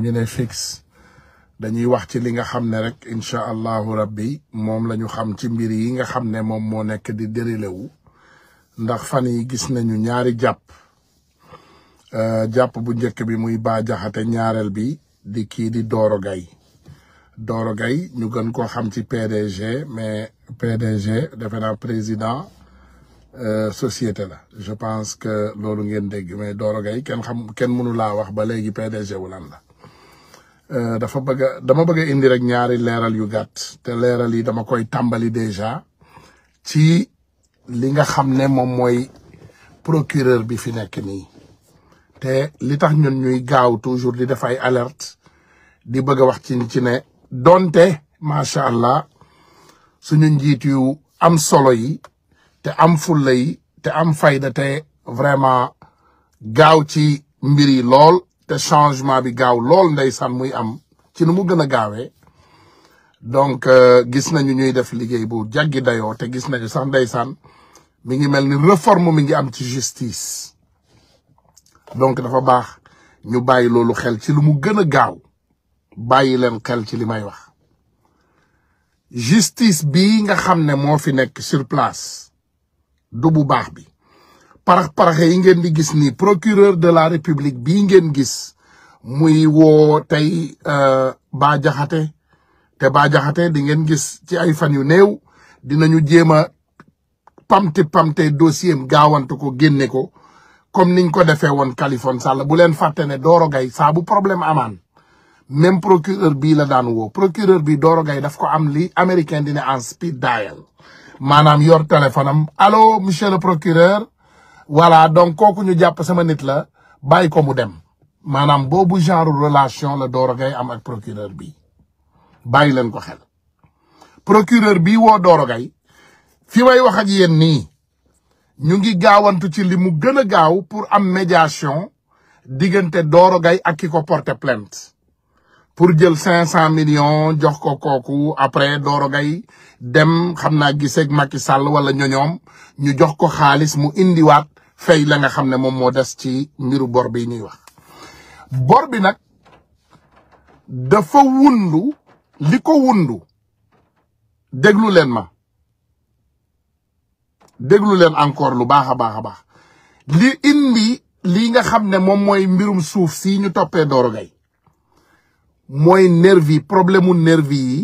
ñu ne fixe dañuy wax ci li nga xam ne rek incha allahu rabbi moom la ñu xam ci mbir yi nga xam ne moom moo nekk di dérilé wu ndax fan yi gis nañu ñaari jàpp euh, jàpp bu njëkk bi muy baajaxate ñaareel bi di kii di dooro Gaye Doro gay ñu gën koo xam ci PDG mais PDG defe naa président euh, société la je pense que loolu ngeen dégg mais Doro gay kenn xam kenn mënu laa wax ba léegi PDG wu lan la Euh, dafa bëgg dama bëgg indi rek ñaari leeral yu gàtt te leeral yi dama koy tàmbali déjà ci li nga xam ne moom mooy procureur bi fi nekk nii te li tax ñun ñuy gaaw toujours di def ay alerte di bëgg a wax ci ci ne donte macha allah suñu njiit yu am solo yi te am fulla yi te am fayda te vraiment gaaw ci mbir lool te changement bi gaaw lool ndeysaan muy am ci lu mu gën a gaawee donc euh, gis nañu ñuy def liggéey bu jaggi dayoo te gis nañu sax ndeysaan mi ngi mel ni réforme mi ngi am ci justice donc dafa baax ñu bàyyi loolu xel ci lu mu gën a gaaw bàyyi leen xel ci li may wax justice bi nga xam ne moo fi nekk sur place du bu baax bi parax-paraxe yi ngeen di gis ni procureur de la république bii ngeen gis muy woo tey euh, Bah Diakhaté te Bah Diakhaté di ngeen gis ci ay fan yu néew dinañu jéem a pamti pamte dossier am gaawante ko génne ko comme niñ ko defee woon Kalifone Sall bu leen fàtte ne Doro Gaye saa bu problème même procureur bii la daan woo procureur bi Doro Gaye daf ko am li américain dina en speed dial maanaam yor téléphone am allo monsieur le procureur voilà donc kooku ñu jàpp sama nit la bàyyi ko mu dem maanaam boobu genre relation la dooro gay am ak procureur bi bàyyi leen ko xel procureur bi woo dooro gay fi may wax ak yéen nii ñu ngi gaawantu ci li mu gën a gaaw pour am médiation diggante dooro gay ak ki ko porter plainte pour jël cinq cent millions jox ko kooku après dooro gay dem xam naa giseeg Macky sàll wala ñoñoom ñu jox ko xaalis mu indiwaat fay la nga xam ne moom moo des ci mbiru bor bi ñuy wax bor bi nag dafa wundu li ko wundu déglu leen ma déglu leen encore lu baax a baax a baax li indi lii nga xam ne moom mooy mbirum suuf si ñu toppee dooru Gaye mooy nervi problème mu nervi yi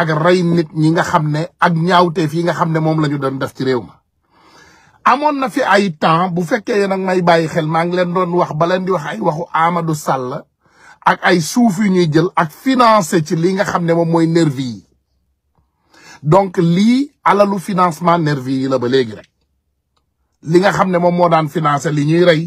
ak rey nit ñi nga xam ne ak ñaawteef yi nga xam ne moom la ñu doon def ci réew ma amoon na fi ay temps bu fekkee yéen may bàyyi xel maa ngi leen doon wax ba leen di wax ay waxu Amadou Sall ak ay suuf yu ñuy jël ak financé ci li nga xam ne moom mooy nervi yi donc lii alalu financement nervi yi la ba léegi rek li nga xam ne moom moo daan financé li ñuy rey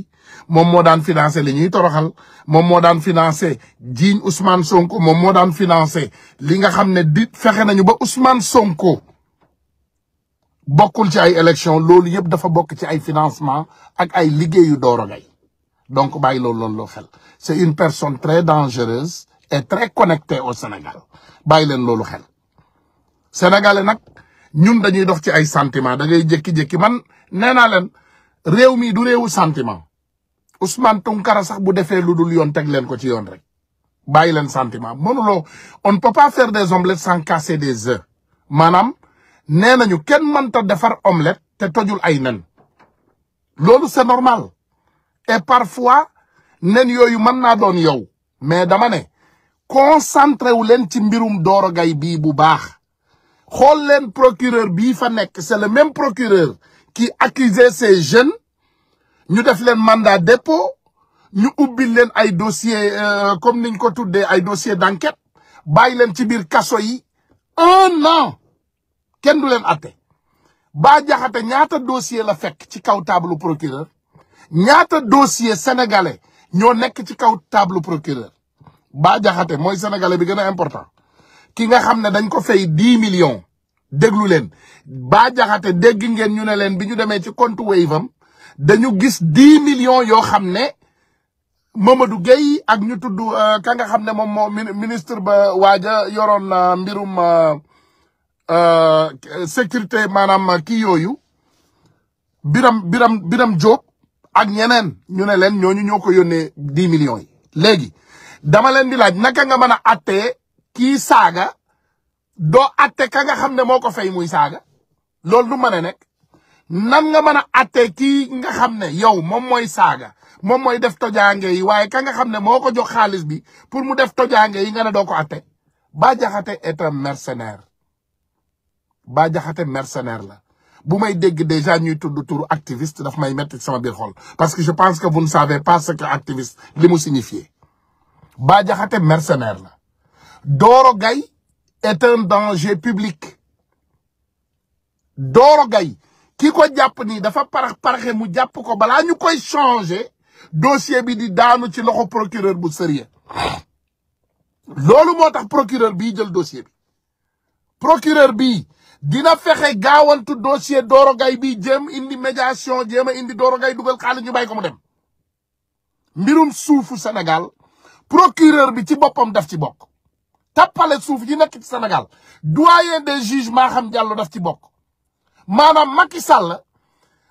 moom moo daan financé li ñuy toroxal moom moo daan financé jiiñ Ousmane Sonko moom moo daan financé li nga xam ne di fexe na ñu ba Ousmane Sonko bokkul ci ay élection loolu yëpp dafa bokk ci ay financement ak ay liggéeyu dooro Gaye donc bàyyi loolu loolu loo xel c'est une personne très dangereuse et très connectée au Sénégal bàyyi leen loolu xel sénégalais nag ñun dañuy dox ci ay sentiment da ngay jékki man nee naa leen réew mii du réewu sentiment Ousmane Tounkara sax bu defee lu dul yoon teg leen ko ci yoon rek bàyyi leen sentiment mënuloo on ne peut pas faire des omelettes sans casser des œufs maanaam nee nañu kenn mënta defar omelette te tojul ay nen loolu c'est normal et parfois nen yooyu mën naa doon yow mais dama ne concentré wu leen ci mbirum Doro Gaye bii bu baax xool leen procureur bii fa nekk c'est le même procureur qui accusait ces jeunes ñu def leen mandat dépôt ñu ubbi leen ay dossier euh, comme niñ ko tuddee ay dossier d'enquête bàyyi leen ci biir kaso yi un kenn du leen atte ba jaxate ñaata dossier la fekk ci kaw table procureur ñaata dossier sénégalais ñoo nekk ci kaw table procureur ba jaxate mooy sénégalais bi gën a important ki nga xam ne dañ ko fay dix million déglu leen ba jaxate dégg ngeen ñu ne leen bi ñu demee ci compte Wave am dañu gis dix million yoo xam ne Mamadou Gueye ak ñu tudd euh, ka nga xam ne moom moo ministre ba waaja yoroon euh, mbirum euh, Euh, sécurité maanaam euh, kii yooyu biram biram biram Diop ak ñeneen ñu ne leen ñooñu ñoo ko yónnee dix million yi. léegi dama leen di laaj naka nga mën a attee kii saaga doo atte ka nga xam ne moo ko fay muy saaga loolu du mën a nekk nan nga mën a attee kii nga xam ne yow moom mooy saaga moom mooy def tojaange yi waaye ka nga xam ne moo ko jox xaalis bi pour mu def tojaange yi nga ne doo ko atte Bah Diakhaté est un mercenaire Bah Diakhaté mercenaire la bu may dégg déjà ñuy tudd turu activiste dafa may metti sama biir xol parce que je pense que vous ne savez pas ce que activiste li mu signifie Bah Diakhaté mercenaire la dooro gay est un danger public dooro gay ki ko jàpp nii dafa parax paraxe mu jàpp ko balaa ñu koy changer dossier bi di daanu ci loxo procureur bu sérieux loolu moo tax procureur bii jël dossier bi procureur bii dina fexe gaawantu dossier Doro Gaye bi jéem indi médiation jéem a indi Doro dugal xaalis ñu bay ko dem mbirum suufu Sénégal procureur bi ci boppam daf ci bokk tappale suuf yi nekk ci Sénégal doyen des juges Maham Diallo daf ci bokk maanaam Macky Sall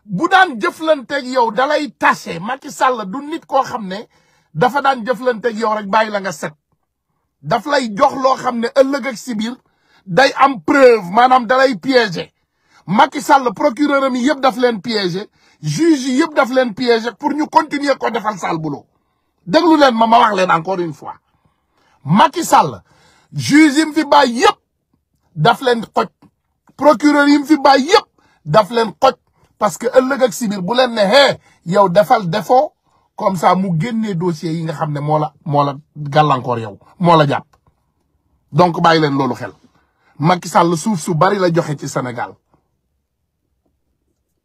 bu daan jëflanteeg yow dalay tase Macky Sall du nit koo xam ne dafa daan jëflanteeg yow rek bàyyi la nga set daf lay jox loo xam ne ëllëg ak si biir day am preuve maanaam dalay piéger Macky Sall procureur am yëpp daf leen piéger juge yëpp daf leen piéger pour ñu continuer ko defal Sall boulot déglu leen ma ma leen encore une fois Macky Sall juge yi fi bàyyi yëpp daf leen xoj procureur yi fi bàyyi yëpp daf leen xoj parce que ëllëg ak sibir bu leen ne hee yow defal defoo comme ça mu génnee dossier yi nga xam ne moo la moo la gàllankoor yow moo la jàpp donc bàyyi leen loolu xel Macky Sall suuf su bari la joxe ci Sénégal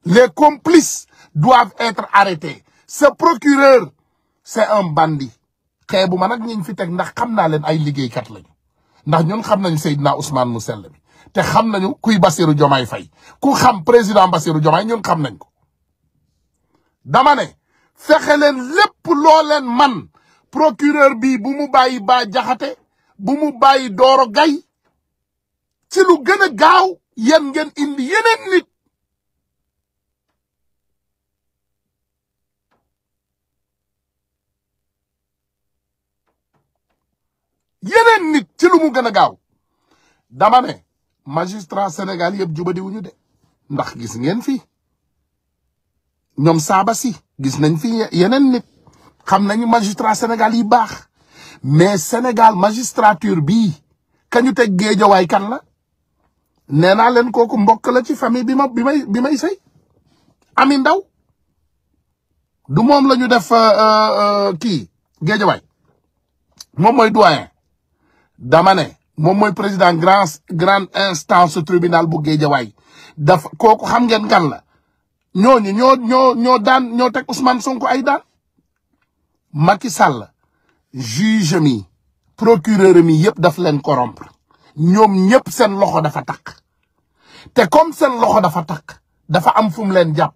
les complices doivent être arrêtés ce procureur c'est un bandit xeebu ma nag ñu fi teg ndax xam naa leen ay liggéeykat lañu ndax ñun xam nañu Seydina Ousmane mu sell te xam nañu kuy Bassirou Diomaye fay ku xam président Bassirou Diomaye ñun xam nañ ko dama ne fexe leen lépp looleen man procureur bi bu mu bàyyi Bah Diakhaté bu mu bàyyi Doro gay ci lu gën a gaaw yéen ngeen indi yeneen nit ci lu mu gën a gaaw dama ne magistrat Sénégal yëpp jubadiwuñu de ndax gis ngeen fii ñoom saaba si gis nañ fi yeneen nit xam nañu magistrat Sénégal yi baax mais Sénégal magistrature bi kañu te teg géejawaay kan la nee naa leen kooku mbokk la ci famille bi ma bi may bi may sëy ami ndaw du moom la ñu def euh, euh, kii géejawaay moom mooy doyen damane ne moom mooy président grand grande instance tribunal bu géejawaay dafa kooku xam ngeen kan la ñooñu ñoo ñoo ñoo daan ñoo teg Ousmane Sonko ay daan Macky Sall juge mi procureur mi yëpp daf leen corrompre ñoom ñëpp seen loxo dafa takk te comme seen loxo dafa takk dafa am fu leen jàpp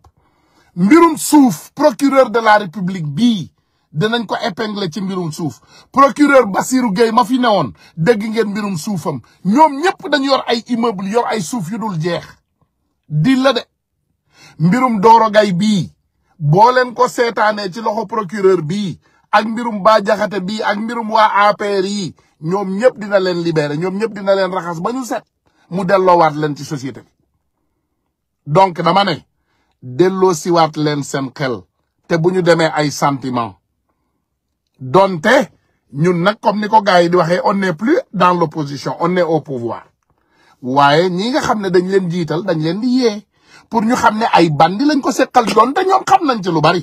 mbirum suuf procureur de la république bii dinañ ko épingler ci mbirum suuf procureur Bassirou gay ma fi newoon dégg ngeen mbirum suufam ñoom ñëpp dañu yor ay immeuble yor ay suuf yu dul jeex di la de mbirum Doro Gaye bii boo leen ko seetaanee ci loxo procureur bii ak mbirum Bah Diakhaté bii ak mbirum waa APR yi ñoom ñëpp dina leen libere ñoom ñëpp dina leen raxas ba ñu set mu delloowaat leen ci société donc dama ne delloo siwaat leen seen xel te bu ñu demee ay sentiment donte ñun nag comme ni ko gars yi di waxee on n'est plus dans l'opposition on est au pouvoir waaye ñi nga xam ne dañ leen jiital dañ leen di yee pour ñu xam ne ay bandi lañ ko seqal doon te ñoom xam nañ ci lu bari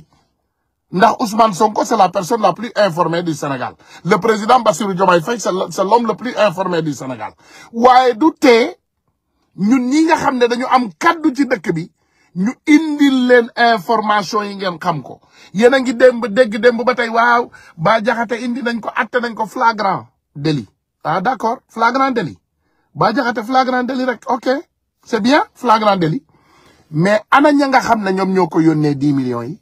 ndax Ousmane Sonko c'est la personne la plus informée du Sénégal le président Bassirou Diomaye Faye c'est l'homme le plus informé du Sénégal waaye du tee ñun ñi nga xam ne dañu am kaddu ci dëkk bi ñu indil leen information yi ngeen xam ko yéen a ngi démb dégg démb ba tey waaw ba jaxate indi nañ ko atte nañ ko flagrant délit ah d'accord flagrant délit ba jaxate flagrant délit rek ok c'est bien flagrant délit mais ana ña nga xam ne ñoom ñoo ko yónnee dix millions yi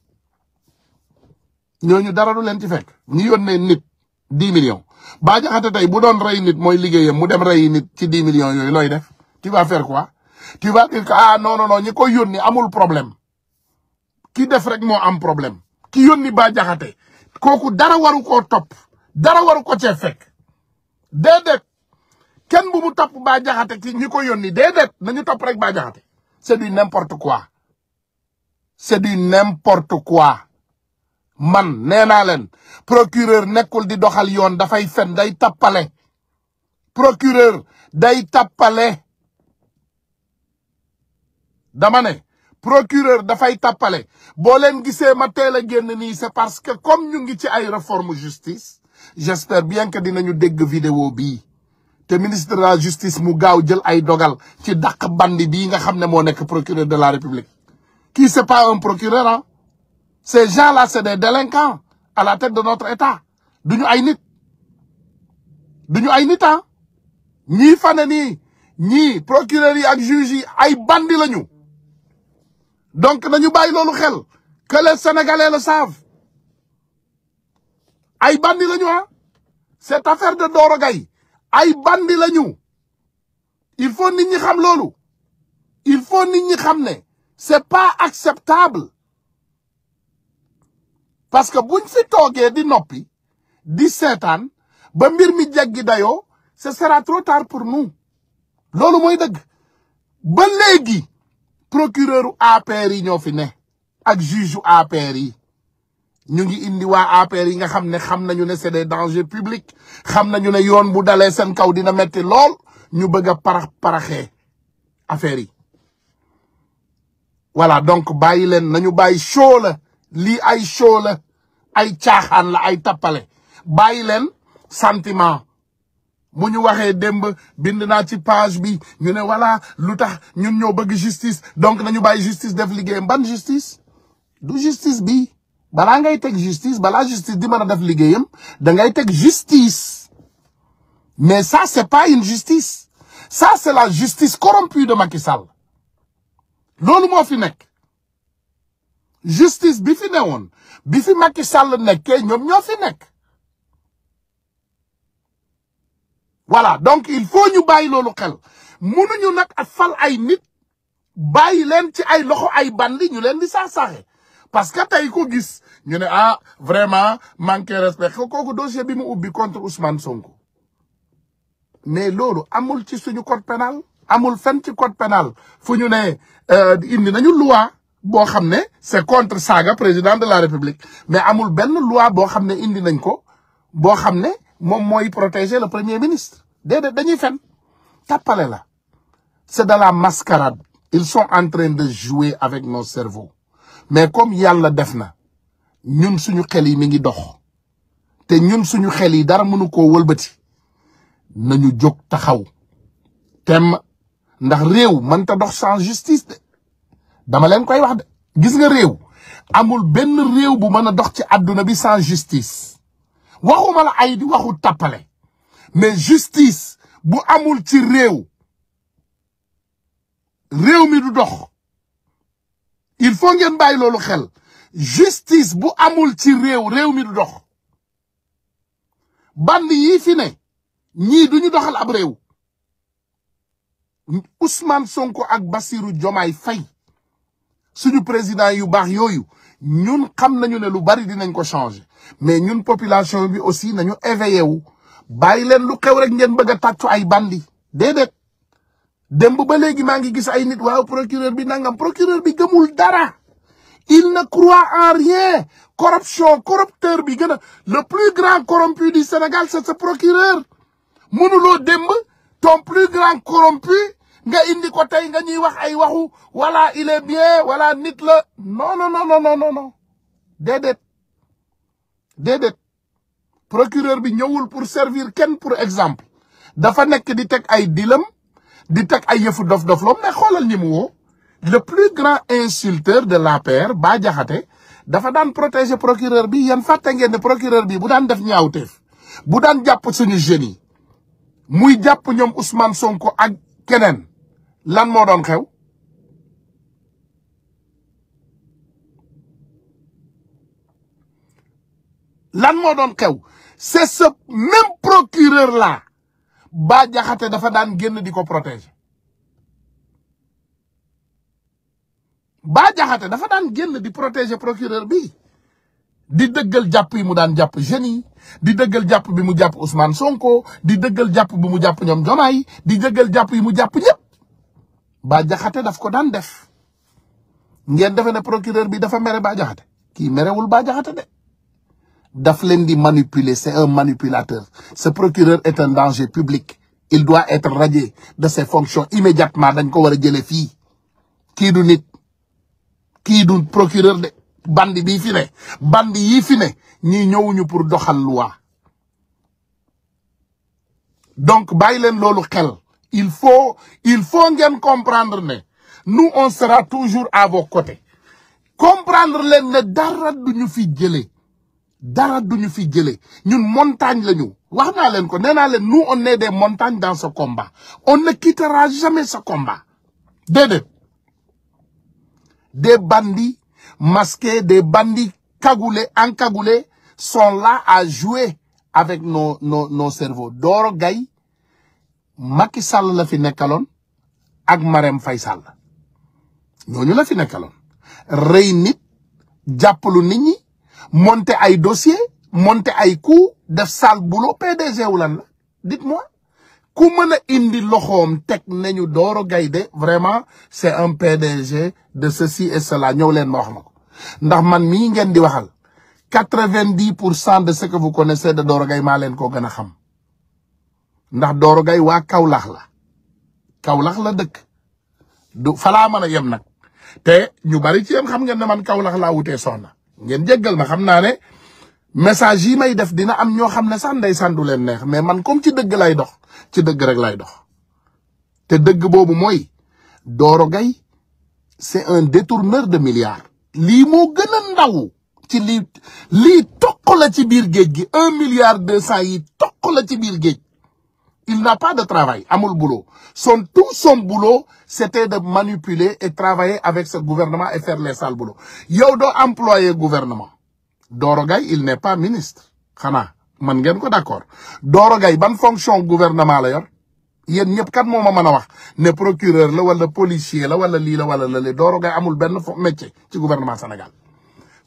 ñooñu dara du leen ci fekk ñu yónnee nit dix millions Bah Diakhaté tey bu doon rey nit mooy liggéeyam mu dem rey nit ci dix millions yooyu looy def tu vas faire quoi tu vas dire ah, koy yónni amul problème ki def rek moo am problème ki yónni Bah Diakhaté kooku dara waru koo topp dara waru ko cee fekk déedéet kenn bu mu topp Bah Diakhaté ci ñi ko nañu topp rek Bah Diakhaté c'est du n'importe quoi c'est du n'importe quoi man nee naa leen procureur nekkul di doxal yoon dafay fen day tappale procureur day tappale dama ne procureur dafay tappale boo leen gisee ma teel a génn nii c'est parce que comme ñu ngi ci ay réforme justice j'espère bien que dinañu dégg vidéo bii te ministre de la justice mu gaaw jël ay dogal ci daq bandi bii nga xam ne moo nekk procureur de la république kii c'est pas un procureur ah ces gens-là c'est des délinquants à la tête de notre État du ñu ay nit du ñu ay nit ah ñii fane nii ñii procureurs yi ak juges ay bandi lañu donc nañu bàyyi loolu xel que les Sénégalais le savent ay bandi lañu ah cette affaire de Doro Gaye ay bandi lañu il faut ni ñi xam loolu il faut ni ñi xam ne c'est pas acceptable parce que buñ fi toogee di noppi di seetaan ba mbir mi jéggi dayoo ce sera trop tard pour nous loolu mooy dëgg ba léegi procureur u APR yi ñoo fi ne ak juge u APR yi ñu ngi indi waa APR yi nga xam ne xam nañu ne c'est des dangers publics xam nañu ne yoon bu dalee seen kaw dina metti lool ñu bëgg a parax paraxee affaire yi voilà donc bàyyi leen nañu bàyyi show la lii ay show la ay caaxaan la ay tappale bàyyi leen santiment bu ñu waxee demb bind naa ci page bi ñu ne voilà lu tax ñun ñoo bëgg justice donc nañu bàyyi justice def liggéeyam ban justice du justice bi balaa ngay teg justice balaa justice di mën a def liggéeyam da ngay teg justice mais ça c'est pas une justice ça c'est la justice corrompue de Macky Sall loolu moo fi nekk justice bi fi newoon bi fi Macky Sall nekkee ñoom ñoo fi nekk voilà donc il faut ñu bàyyi loolu xel mënuñu nag ak fal ay nit bàyyi leen ci ay loxo ay bandi ñu leen di saax-saaxe parce que tey ko gis ñu ne ah vraiment manqué respect kooku dossier bi mu ubbi contre Ousmane Sonko mais loolu amul ci suñu code pénal amul fenn ci code pénal fu ñu ne euh, indi nañu loi boo xam ne c'est contre saaga président de la république mais amul benn loi boo xam ne indi nañ ko boo xam ne moom mooy protéger le premier ministre déedéet dañuy fen tàppale la c'est de la mascarade ils sont en train de jouer avec nos cerveaux mais comme yàlla def na ñun suñu xel yi mi ngi dox te ñun suñu xel yi dara mënu koo wëlbati nañu jóg taxaw temm ndax réew mënta dox sans justice dama leen koy wax de gis nga réew amul benn réew bu mën a dox ci àdduna bi sans justice waxuma la ay di waxu tapale mais justice bu amul ci réew réew mi du dox il faut ngeen bàyyi loolu xel justice bu amul ci réew réew mi du dox bann yii fi ne ñii duñu doxal ab réew usmaan Sonko ak Bassirou Diomaye Faye suñu président yu baax yooyu ñun xam nañu ne lu bari dinañ ko changer mais ñun population bi aussi nañu éveillé wu bàyyi leen lu xew rek ngeen bëgg a tàccu ay bandi déedéet démb ba léegi maa ngi gis ay nit waaw procureur bi nangam procureur bi gëmul dara il ne croit en rien corruption corrupteur bi gën a le plus grand corrompu du Sénégal c'est ce procureur mënuloo démb ton plus grand corrompu nga indi ko tey nga ñuy wax ay waxu wala il est bien wala nit la non non non non non non procureur bi ñëwul pour servir kenn pour exemple dafa nekk di teg ay dilam di tek ay yëfu dof-doflam mais xoolal ñi mu woo le plus grand insulteur de l'APR Bah Diakhaté dafa daan protéger procureur bi yéen fàtte ngeen ne procureur bi bu daan def ñaawteef bu daan jàpp suñu jeunes yi muy jàpp ñoom Ousmane Sonko ak keneen lan moo doon xew lan moo doon xew c'est ce même procureur là Bah Diakhaté dafa daan génn di ko protéger Bah Diakhaté dafa daan génn di protéger procureur bi di dëggal jàpp yi mu daan jàpp jeunes yi di dëggal jàpp bi mu jàpp Ousmane Sonko di dëggal jàpp bi mu jàpp ñoom Diomaye di dëggal jàpp yi mu jàpp ñëpp ba jaxate daf ko daan def ngeen defe ne procureur bi dafa mere ba jaxate kii merewul ba jaxate de daf leen di manipuler c'est un manipulateur ce procureur est un danger public il doit être radié de ses fonctions immédiatement dañ ko war a jëlee fii kii du nit kii du procureur de bandi bii fi ne bandi yii fi ne ñii ñëwuñu pour doxal loi donc bàyyi leen loolu xel il faut il faut ngeen comprendre ne nu on sera toujours à vos côtés comprendre leen ne dara du ñu fi jëlee dara du ñu fi jëlee ñun montagne la ñu wax naa leen ko nee naa leen nu on est des montagnes dans ce combat on ne quittera jamais ce combat déedéet des bandi masqués des bandits cagoulés encagoulés sont là à jouer avec nos nos nos cerveaux Doro Gaye Macky Sall la fi nekkaloon ak Marème fay Sall ñooñu la fi nekkaloon rëy nit jàppalu nit ñi monter ay dossier monter ay ku def sale boulot PDG wu lan la dit moi ku mën a indi loxoom teg nañu Doro Gaydé vraiment c'est un PDG de ceci et ñow leen ma wax ma ko ndax man mii ngeen di waxal quatre-vingt-dix pour cent de ce que vous connaissez de Doro Gaye maa leen koo gën a xam ndax dooro gay waa Kaolack la Kaolack la dëkk du falaa mën yem nag te ñu bari ci yem xam ngeen ne man Kaolack laa wutee soxna ngeen jéggal ma xam naa ne message yi may def dina am ñoo xam ne sax ndeysaan du leen neex mais man comme ci dëgg lay dox ci dëgg rek lay dox te dëgg boobu mooy Doro Gaye c'est un détourneur de milliards lii moo gën ndaw ci li lii toq ci biir géej gi un milliard deux cent yi toq la ci biir géej il n'a pas de travail amul boulot son tout son boulot c'était de manipuler et travailler avec ce gouvernement et faire les sales yow doo employé gouvernement Doro Gaye il n'est pas ministre xanaa man ngeen ko d'accord Doro Gaye ban fonction gouvernement la yor yéen ñëpp kat moo ma mën a wax ne procureur la wala policier la wala lii la wala lale Doro Gaye amul benn métier ci gouvernement Sénégal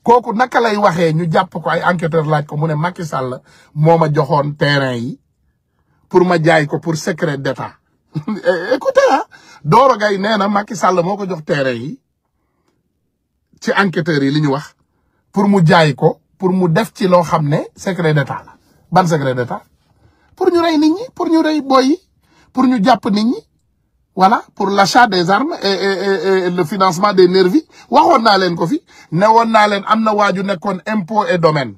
kooku naka lay waxee ñu jàpp ko ay enquêteur laaj ko mu ne Macky Sall moo ma joxoon terrain yi pour ma jaay ko pour secret d'état eh, écoutez ah Doro Gaye nee na Macky Sall moo ko jox terrain yi ci enquêteurs yi li ñu wax pour mu jaay ko pour mu def ci loo xam ne secret d'état la ban secret d'état pour ñu rey nit ñi pour ñu rey boy pour ñu jàpp nit ñi voilà pour l'achat des armes et, et, le financement des nervis waxoon naa leen ko fi ne woon naa leen am na waaju nekkoon impôt et domaine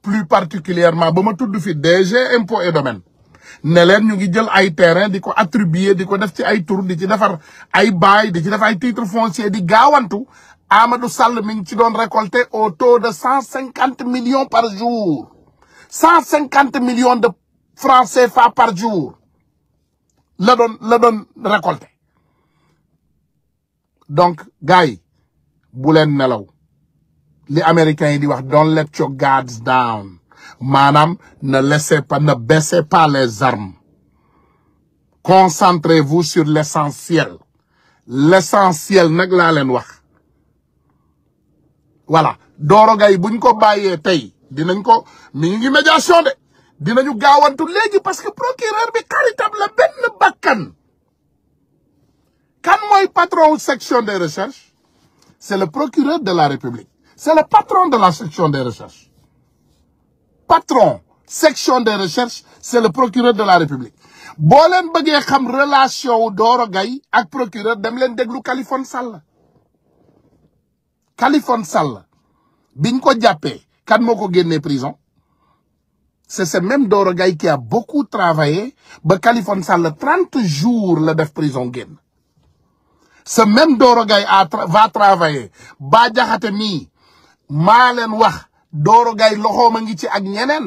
plus particulièrement ba ma tudd fi DG impôt et domaine ne leen ñu ngi jël ay terrain di ko attribuer di ko def ci ay tur di ci defar ay bail di ci def ay titre foncier di gaawantu Amadou Sall mi ngi ci doon récolter au taux de cent cinquante millions par jour cent cinquante millions de francs CFA par jour la doon la doon récolter donc gars yi bu leen nelaw li américains yi di wax don't let your guards down maanaam ne laissez pas ne baissez pa les armes concentrez-vous sur l'essentiel l'essentiel nag laa leen wax voilà Doro Gaye buñ ko bàyyee tey dinañ ko mi ngi médiation de dinañu gaawantu léegi parce que procureur bi caritab la benn bakkan kan mooy patron section des recherches c'est le procureur de la République c'est le patron de la section des recherches patron section des recherches c'est le procureur de la République boo leen bëggee xam relation wu Doro Gaye ak procureur dem leen déglu Kaliphone Sall Kaliphone Sall biñ ko jàppee kan moo ko génnee prison c'est ce même Doro Gaye qui a beaucoup travaillé ba Kaliphone Sall trente jours la def prison génn ce même Doro Gaye a va travailler ba jaxate mii maa leen wax Doro Gaye loxoom a ngi ci ak ñeneen